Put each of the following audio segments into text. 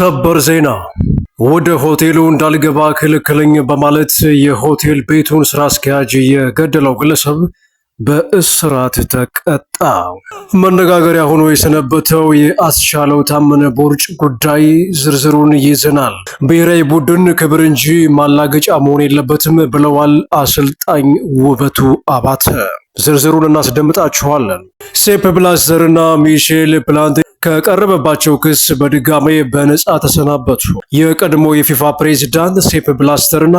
ሰበር ዜና! ወደ ሆቴሉ እንዳልገባ ክልክለኝ በማለት የሆቴል ቤቱን ስራ አስኪያጅ የገደለው ግለሰብ በእስራት ተቀጣ። መነጋገሪያ ሆኖ የሰነበተው የአስቻለው ታመነ ቦርጭ ጉዳይ ዝርዝሩን ይዘናል። ብሔራዊ ቡድን ክብር እንጂ ማላገጫ መሆን የለበትም ብለዋል አሰልጣኝ ውበቱ አባተ። ዝርዝሩን እናስደምጣችኋለን። ሴፕ ብላዘርና ሚሼል ፕላንቴ ከቀረበባቸው ክስ በድጋሜ በነፃ ተሰናበቱ። የቀድሞ የፊፋ ፕሬዚዳንት ሴፕ ብላስተር እና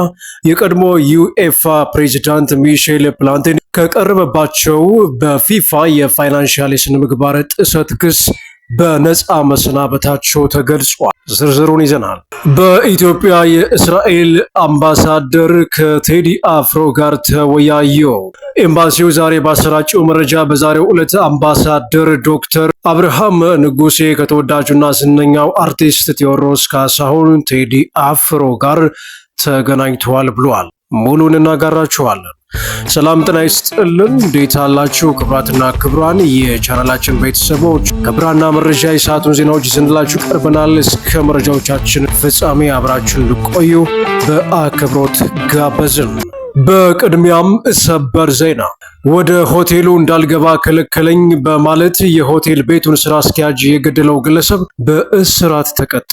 የቀድሞ ዩኤፋ ፕሬዚዳንት ሚሼል ፕላንቴን ከቀረበባቸው በፊፋ የፋይናንሻል የስነ ምግባር ጥሰት ክስ በነፃ መሰናበታቸው ተገልጿል። ዝርዝሩን ይዘናል። በኢትዮጵያ የእስራኤል አምባሳደር ከቴዲ አፍሮ ጋር ተወያየው። ኤምባሲው ዛሬ ባሰራጨው መረጃ በዛሬው ዕለት አምባሳደር ዶክተር አብርሃም ንጉሴ ከተወዳጁና ዝነኛው አርቲስት ቴዎድሮስ ካሳሁን ቴዲ አፍሮ ጋር ተገናኝተዋል ብሏል። ሙሉን እናጋራችኋለን። ሰላም ጤና ይስጥልን። እንዴት አላችሁ? ክብራትና ክብራን የቻናላችን ቤተሰቦች ከብራና መረጃ የሰዓቱን ዜናዎች ይዘንላችሁ ቀርበናል። እስከ መረጃዎቻችን ፍጻሜ አብራችሁ እንድቆዩ በአክብሮት ጋበዝን። በቅድሚያም ሰበር ዜና ወደ ሆቴሉ እንዳልገባ ከለከለኝ በማለት የሆቴል ቤቱን ስራ አስኪያጅ የገደለው ግለሰብ በእስራት ተቀጣ።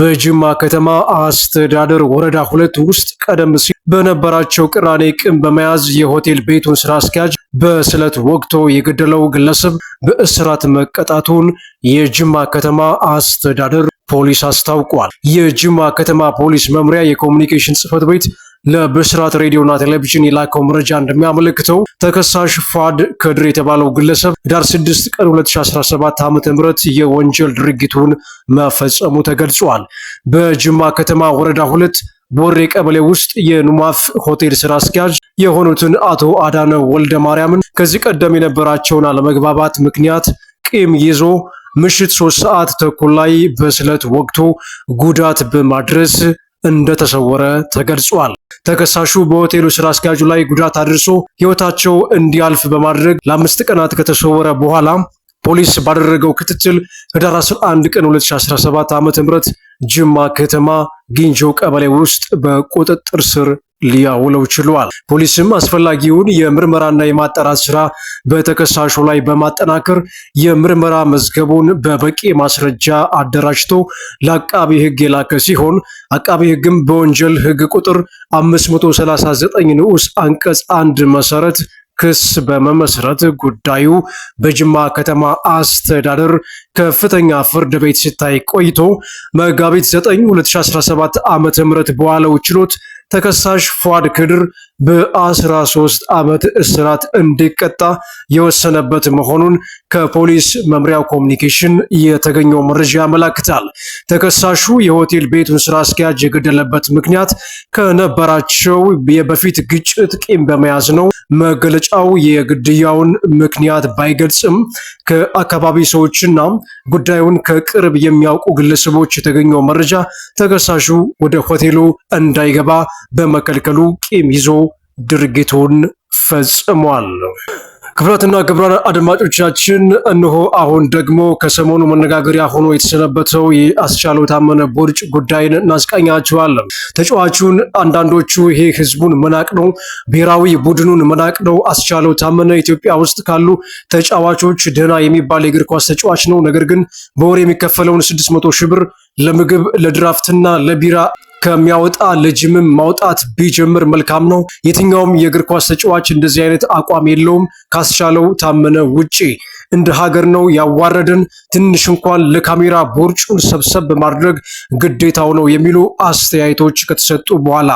በጅማ ከተማ አስተዳደር ወረዳ ሁለት ውስጥ ቀደም ሲል በነበራቸው ቅራኔ ቂም በመያዝ የሆቴል ቤቱን ስራ አስኪያጅ በስለት ወቅቶ የገደለው ግለሰብ በእስራት መቀጣቱን የጅማ ከተማ አስተዳደር ፖሊስ አስታውቋል። የጅማ ከተማ ፖሊስ መምሪያ የኮሚኒኬሽን ጽህፈት ቤት ለብስራት ሬዲዮና ቴሌቪዥን የላከው መረጃ እንደሚያመለክተው ተከሳሽ ፋድ ከድር የተባለው ግለሰብ ዳር 6 ቀን 2017 ዓ ም የወንጀል ድርጊቱን መፈጸሙ ተገልጿል። በጅማ ከተማ ወረዳ ሁለት ቦሬ ቀበሌ ውስጥ የኑማፍ ሆቴል ስራ አስኪያጅ የሆኑትን አቶ አዳነ ወልደ ማርያምን ከዚህ ቀደም የነበራቸውን አለመግባባት ምክንያት ቂም ይዞ ምሽት ሶስት ሰዓት ተኩል ላይ በስለት ወቅቶ ጉዳት በማድረስ እንደተሰወረ ተገልጿል። ተከሳሹ በሆቴሉ ስራ አስኪያጁ ላይ ጉዳት አድርሶ ህይወታቸው እንዲያልፍ በማድረግ ለአምስት ቀናት ከተሰወረ በኋላ ፖሊስ ባደረገው ክትትል ህዳር 11 ቀን 2017 ዓ.ም ጅማ ከተማ ግንጆ ቀበሌ ውስጥ በቁጥጥር ስር ሊያውለው ችሏል። ፖሊስም አስፈላጊውን የምርመራና የማጣራት ስራ በተከሳሹ ላይ በማጠናከር የምርመራ መዝገቡን በበቂ ማስረጃ አደራጅቶ ለአቃቢ ሕግ የላከ ሲሆን አቃቢ ሕግም በወንጀል ሕግ ቁጥር 539 ንዑስ አንቀጽ አንድ መሰረት ክስ በመመስረት ጉዳዩ በጅማ ከተማ አስተዳደር ከፍተኛ ፍርድ ቤት ሲታይ ቆይቶ መጋቢት 9 2017 ዓ.ም በዋለው ችሎት ተከሳሽ ፏድ ክድር በአስራ ሶስት ዓመት እስራት እንዲቀጣ የወሰነበት መሆኑን ከፖሊስ መምሪያ ኮሚኒኬሽን የተገኘው መረጃ ያመላክታል። ተከሳሹ የሆቴል ቤቱን ስራ አስኪያጅ የገደለበት ምክንያት ከነበራቸው የበፊት ግጭት ቂም በመያዝ ነው። መገለጫው የግድያውን ምክንያት ባይገልጽም ከአካባቢ ሰዎችና ጉዳዩን ከቅርብ የሚያውቁ ግለሰቦች የተገኘው መረጃ ተከሳሹ ወደ ሆቴሉ እንዳይገባ በመከልከሉ ቂም ይዞ ድርጊቱን ፈጽሟል። ክብራትና ግብራን አድማጮቻችን እንሆ አሁን ደግሞ ከሰሞኑ መነጋገሪያ ሆኖ የተሰነበተው የአስቻለው ታመነ ቦርጭ ጉዳይን እናስቃኛችኋለን። ተጫዋቹን አንዳንዶቹ ይሄ ህዝቡን መናቅ ነው፣ ብሔራዊ ቡድኑን መናቅ ነው። አስቻለው ታመነ ኢትዮጵያ ውስጥ ካሉ ተጫዋቾች ደህና የሚባል የእግር ኳስ ተጫዋች ነው። ነገር ግን በወር የሚከፈለውን ስድስት መቶ ሺህ ብር ለምግብ ለድራፍትና ለቢራ ከሚያወጣ ለጅምም ማውጣት ቢጀምር መልካም ነው። የትኛውም የእግር ኳስ ተጫዋች እንደዚህ አይነት አቋም የለውም ካስቻለው ታመነ ውጪ። እንደ ሀገር ነው ያዋረደን። ትንሽ እንኳን ለካሜራ ቦርጩን ሰብሰብ በማድረግ ግዴታው ነው የሚሉ አስተያየቶች ከተሰጡ በኋላ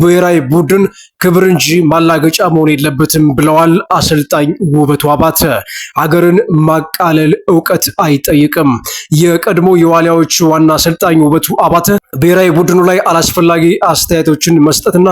ብሔራዊ ቡድን ክብር እንጂ ማላገጫ መሆን የለበትም ብለዋል አሰልጣኝ ውበቱ አባተ። ሀገርን ማቃለል እውቀት አይጠይቅም። የቀድሞ የዋሊያዎች ዋና አሰልጣኝ ውበቱ አባተ ብሔራዊ ቡድኑ ላይ አላስፈላጊ አስተያየቶችን መስጠትና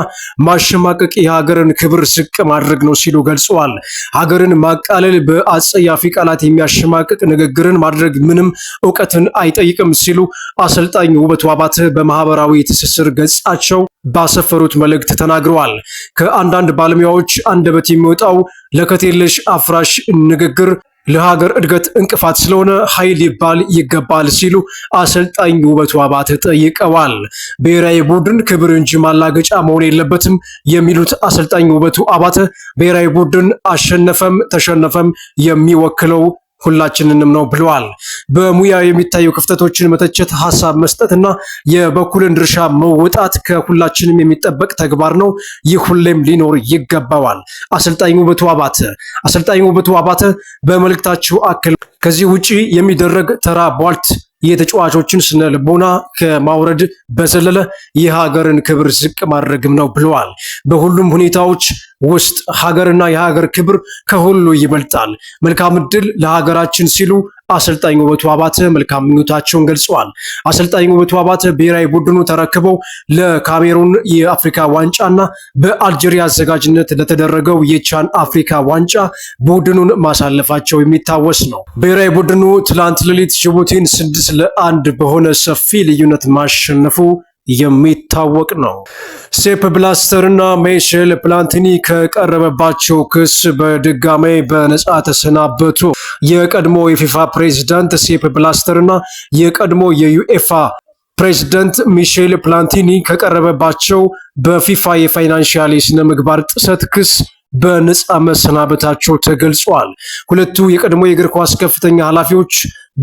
ማሸማቀቅ የሀገርን ክብር ስቅ ማድረግ ነው ሲሉ ገልጸዋል። ሀገርን ማቃለል፣ በአጸያፊ ቃላት የሚያሸማቅቅ ንግግርን ማድረግ ምንም እውቀትን አይጠይቅም ሲሉ አሰልጣኝ ውበቱ አባተ በማህበራዊ ትስስር ገጻቸው ባሰፈሩት መልእክት ተናግረዋል። ከአንዳንድ ባለሙያዎች አንደበት የሚወጣው ለከቴለሽ አፍራሽ ንግግር ለሀገር እድገት እንቅፋት ስለሆነ ኃይል ሊባል ይገባል ሲሉ አሰልጣኝ ውበቱ አባተ ጠይቀዋል። ብሔራዊ ቡድን ክብር እንጂ ማላገጫ መሆን የለበትም የሚሉት አሰልጣኝ ውበቱ አባተ ብሔራዊ ቡድን አሸነፈም ተሸነፈም የሚወክለው ሁላችንንም ነው ብለዋል። በሙያ የሚታዩ ክፍተቶችን መተቸት፣ ሀሳብ መስጠትና የበኩልን ድርሻ መወጣት ከሁላችንም የሚጠበቅ ተግባር ነው። ይህ ሁሌም ሊኖር ይገባዋል። አሰልጣኝ ውበቱ አባተ አሰልጣኝ ውበቱ አባተ በመልእክታችሁ አክል ከዚህ ውጪ የሚደረግ ተራ ቧልት የተጫዋቾችን ስነ ልቦና ከማውረድ በዘለለ የሀገርን ክብር ዝቅ ማድረግም ነው ብለዋል። በሁሉም ሁኔታዎች ውስጥ ሀገርና የሀገር ክብር ከሁሉ ይበልጣል። መልካም እድል ለሀገራችን ሲሉ አሰልጣኝ ውበቱ አባተ መልካም ምኞታቸውን ገልጸዋል። አሰልጣኝ ውበቱ አባተ ብሔራዊ ቡድኑ ተረክበው ለካሜሩን የአፍሪካ ዋንጫና በአልጄሪያ አዘጋጅነት ለተደረገው የቻን አፍሪካ ዋንጫ ቡድኑን ማሳለፋቸው የሚታወስ ነው። ብሔራዊ ቡድኑ ትላንት ሌሊት ጅቡቲን ስድስት ለአንድ በሆነ ሰፊ ልዩነት ማሸነፉ የሚታወቅ ነው። ሴፕ ብላስተር እና ሚሼል ፕላቲኒ ከቀረበባቸው ክስ በድጋሜ በነጻ ተሰናበቱ። የቀድሞ የፊፋ ፕሬዚዳንት ሴፕ ብላስተር እና የቀድሞ የዩኤፋ ፕሬዚደንት ሚሼል ፕላቲኒ ከቀረበባቸው በፊፋ የፋይናንሽያል የስነ ምግባር ጥሰት ክስ በነፃ መሰናበታቸው ተገልጿል። ሁለቱ የቀድሞ የእግር ኳስ ከፍተኛ ኃላፊዎች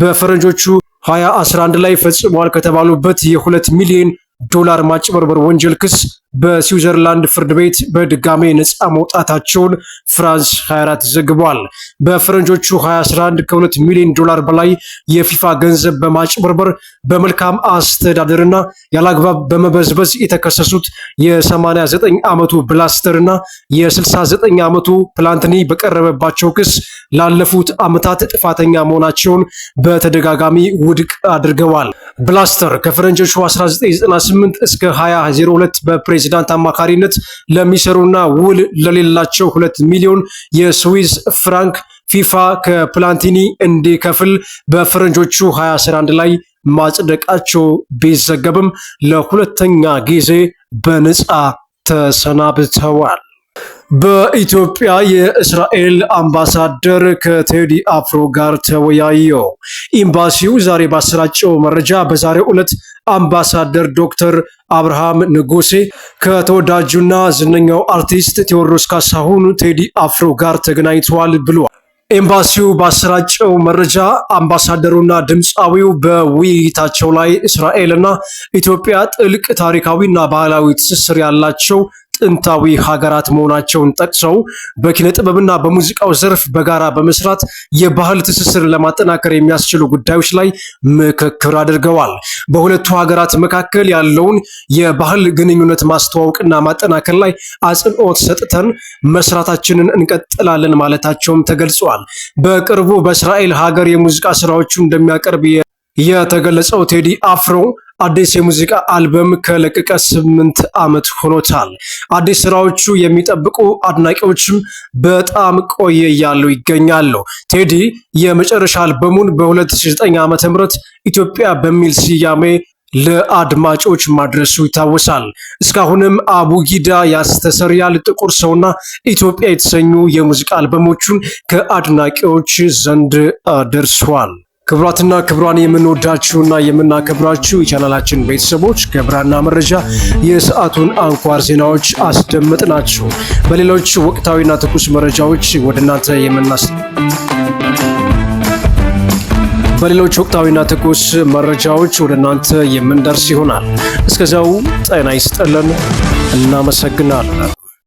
በፈረንጆቹ 2011 ላይ ፈጽሟል ከተባሉበት የ2 ሚሊዮን ዶላር ማጭበርበር ወንጀል ክስ በስዊዘርላንድ ፍርድ ቤት በድጋሜ ነፃ መውጣታቸውን ፍራንስ 24 ዘግቧል። በፈረንጆቹ 2011 ከ2 ሚሊዮን ዶላር በላይ የፊፋ ገንዘብ በማጭበርበር በመልካም አስተዳደርና ያላግባብ በመበዝበዝ የተከሰሱት የ89 ዓመቱ ብላስተር እና የ69 ዓመቱ ፕላንትኒ በቀረበባቸው ክስ ላለፉት ዓመታት ጥፋተኛ መሆናቸውን በተደጋጋሚ ውድቅ አድርገዋል። ብላስተር ከፈረንጆቹ 1998 እስከ 2002 በፕሬ ፕሬዚዳንት አማካሪነት ለሚሰሩና ውል ለሌላቸው ሁለት ሚሊዮን የስዊስ ፍራንክ ፊፋ ከፕላንቲኒ እንዲከፍል በፈረንጆቹ 2011 ላይ ማጽደቃቸው ቢዘገብም ለሁለተኛ ጊዜ በነጻ ተሰናብተዋል። በኢትዮጵያ የእስራኤል አምባሳደር ከቴዲ አፍሮ ጋር ተወያየው። ኤምባሲው ዛሬ ባሰራጨው መረጃ በዛሬው ዕለት አምባሳደር ዶክተር አብርሃም ንጉሴ ከተወዳጁና ዝነኛው አርቲስት ቴዎድሮስ ካሳሁን ቴዲ አፍሮ ጋር ተገናኝተዋል ብለዋል። ኤምባሲው ባሰራጨው መረጃ አምባሳደሩና ድምፃዊው በውይይታቸው ላይ እስራኤልና ኢትዮጵያ ጥልቅ ታሪካዊና ባህላዊ ትስስር ያላቸው ጥንታዊ ሀገራት መሆናቸውን ጠቅሰው በኪነ ጥበብና በሙዚቃው ዘርፍ በጋራ በመስራት የባህል ትስስር ለማጠናከር የሚያስችሉ ጉዳዮች ላይ ምክክር አድርገዋል። በሁለቱ ሀገራት መካከል ያለውን የባህል ግንኙነት ማስተዋወቅና ማጠናከር ላይ አጽንኦት ሰጥተን መስራታችንን እንቀጥላለን ማለታቸውም ተገልጿል። በቅርቡ በእስራኤል ሀገር የሙዚቃ ስራዎቹ እንደሚያቀርብ የተገለጸው ቴዲ አፍሮ አዲስ የሙዚቃ አልበም ከለቀቀ ስምንት ዓመት ሆኖታል። አዲስ ስራዎቹ የሚጠብቁ አድናቂዎችም በጣም ቆየ እያሉ ይገኛሉ። ቴዲ የመጨረሻ አልበሙን በ2009 ዓ ም ኢትዮጵያ በሚል ስያሜ ለአድማጮች ማድረሱ ይታወሳል። እስካሁንም አቡጊዳ ያስተሰርያል፣ ጥቁር ሰውና ኢትዮጵያ የተሰኙ የሙዚቃ አልበሞቹን ከአድናቂዎች ዘንድ ደርሷል። ክብሯትና ክብሯን የምንወዳችሁና የምናከብራችሁ የቻናላችን ቤተሰቦች ከብራና መረጃ የሰዓቱን አንኳር ዜናዎች አስደመጥናችሁ። በሌሎች ወቅታዊና ትኩስ መረጃዎች ወደ እናንተ የምናስ በሌሎች ወቅታዊና ትኩስ መረጃዎች ወደ እናንተ የምንደርስ ይሆናል። እስከዚያው ጤና ይስጠለን። እናመሰግናለን።